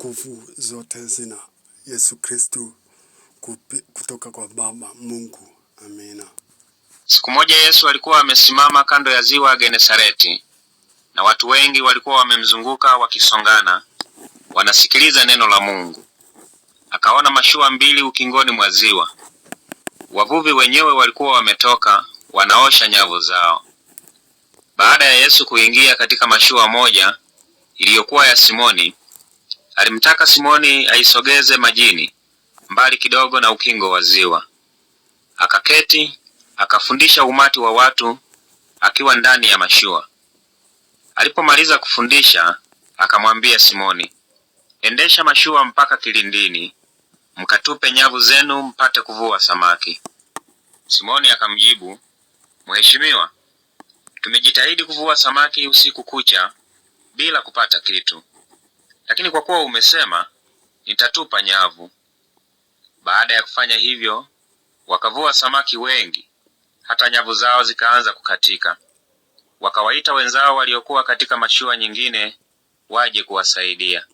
nguvu zote zina Yesu Kristu kutoka kwa Baba Mungu. Amina. Siku moja Yesu alikuwa amesimama kando ya ziwa Genesareti, na watu wengi walikuwa wamemzunguka wakisongana, wanasikiliza neno la Mungu. Akaona mashua mbili ukingoni mwa ziwa. Wavuvi wenyewe walikuwa wametoka, wanaosha nyavu zao. Baada ya Yesu kuingia katika mashua moja iliyokuwa ya Simoni, Alimtaka Simoni aisogeze majini mbali kidogo na ukingo wa ziwa. Akaketi akafundisha umati wa watu akiwa ndani ya mashua. Alipomaliza kufundisha, akamwambia Simoni, endesha mashua mpaka kilindini, mkatupe nyavu zenu mpate kuvua samaki. Simoni akamjibu, Mheshimiwa, tumejitahidi kuvua samaki usiku kucha bila kupata kitu, lakini kwa kuwa umesema, nitatupa nyavu. Baada ya kufanya hivyo, wakavua samaki wengi, hata nyavu zao zikaanza kukatika. Wakawaita wenzao waliokuwa katika mashua nyingine waje kuwasaidia.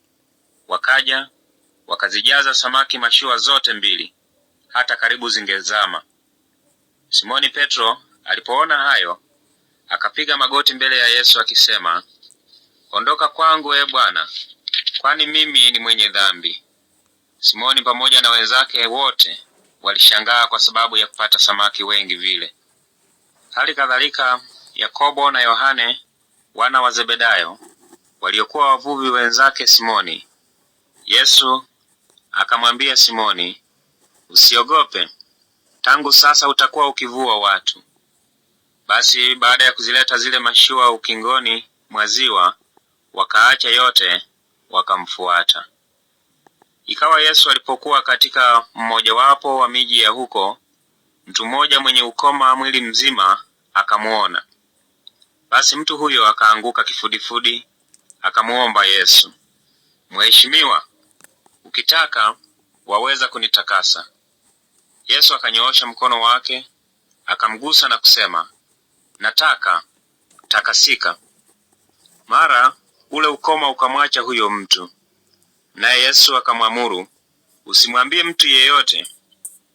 Wakaja wakazijaza samaki mashua zote mbili, hata karibu zingezama. Simoni Petro alipoona hayo, akapiga magoti mbele ya Yesu akisema, ondoka kwangu, e Bwana, kwani mimi ni mwenye dhambi. Simoni pamoja na wenzake wote walishangaa kwa sababu ya kupata samaki wengi vile. Hali kadhalika Yakobo na Yohane wana wa Zebedayo waliokuwa wavuvi wenzake Simoni. Yesu akamwambia Simoni, usiogope, tangu sasa utakuwa ukivua watu. Basi baada ya kuzileta zile mashua ukingoni mwa ziwa, wakaacha yote wakamfuata. Ikawa Yesu alipokuwa katika mmojawapo wa miji ya huko, mtu mmoja mwenye ukoma mwili mzima akamuona. Basi mtu huyo akaanguka kifudifudi, akamuomba Yesu, Mheshimiwa, ukitaka waweza kunitakasa. Yesu akanyoosha mkono wake akamgusa na kusema, nataka takasika. Mara ule ukoma ukamwacha huyo mtu. Naye Yesu akamwamuru, usimwambie mtu yeyote,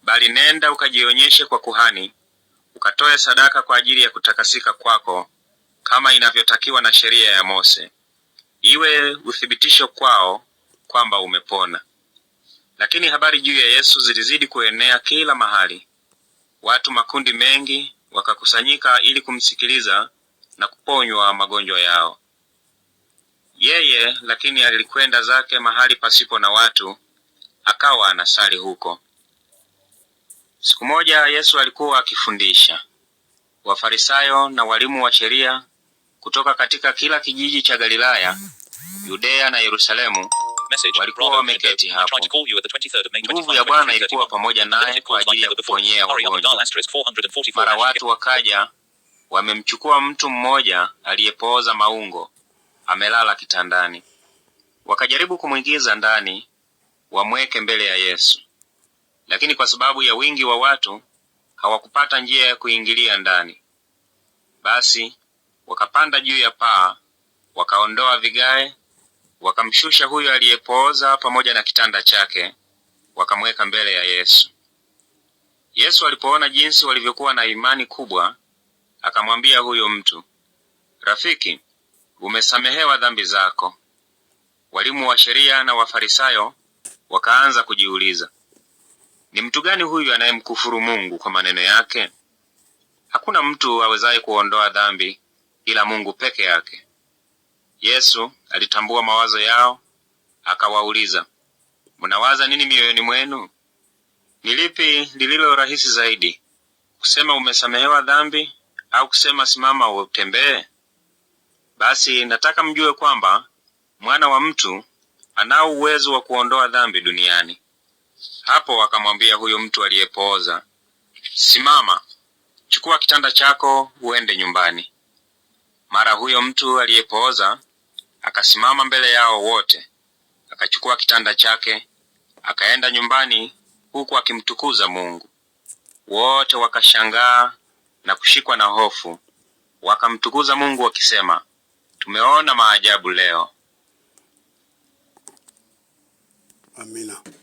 bali nenda ukajionyeshe kwa kuhani, ukatoe sadaka kwa ajili ya kutakasika kwako kama inavyotakiwa na sheria ya Mose, iwe uthibitisho kwao kwamba umepona. Lakini habari juu ya Yesu zilizidi kuenea kila mahali. Watu makundi mengi wakakusanyika ili kumsikiliza na kuponywa magonjwa yao. Yeye lakini alikwenda zake mahali pasipo na watu, akawa anasali huko. Siku moja Yesu alikuwa akifundisha. Wafarisayo na walimu wa sheria kutoka katika kila kijiji cha Galilaya, Yudea na Yerusalemu walikuwa wameketi hapo. Nguvu ya Bwana ilikuwa pamoja naye kwa ajili ya kuponyea wagonjwa. Mara watu wakaja, wamemchukua mtu mmoja aliyepooza maungo amelala kitandani. Wakajaribu kumwingiza ndani wamweke mbele ya Yesu, lakini kwa sababu ya wingi wa watu hawakupata njia ya kuingilia ndani. Basi wakapanda juu ya paa, wakaondoa vigae, wakamshusha huyo aliyepooza pamoja na kitanda chake, wakamweka mbele ya Yesu. Yesu alipoona jinsi walivyokuwa na imani kubwa, akamwambia huyo mtu, Rafiki, umesamehewa dhambi zako. Walimu wa sheria na Wafarisayo wakaanza kujiuliza, ni mtu gani huyu anayemkufuru Mungu kwa maneno yake? Hakuna mtu awezaye kuondoa dhambi ila Mungu peke yake. Yesu alitambua mawazo yao, akawauliza, mnawaza nini mioyoni mwenu? Ni lipi lililo rahisi zaidi, kusema umesamehewa dhambi, au kusema simama utembee? Basi nataka mjue kwamba mwana wa mtu anao uwezo wa kuondoa dhambi duniani. Hapo akamwambia huyo mtu aliyepooza, simama, chukua kitanda chako uende nyumbani. Mara huyo mtu aliyepooza akasimama mbele yao wote, akachukua kitanda chake akaenda nyumbani, huku akimtukuza Mungu. Wote wakashangaa na kushikwa na hofu, wakamtukuza Mungu wakisema Tumeona maajabu leo. Amina.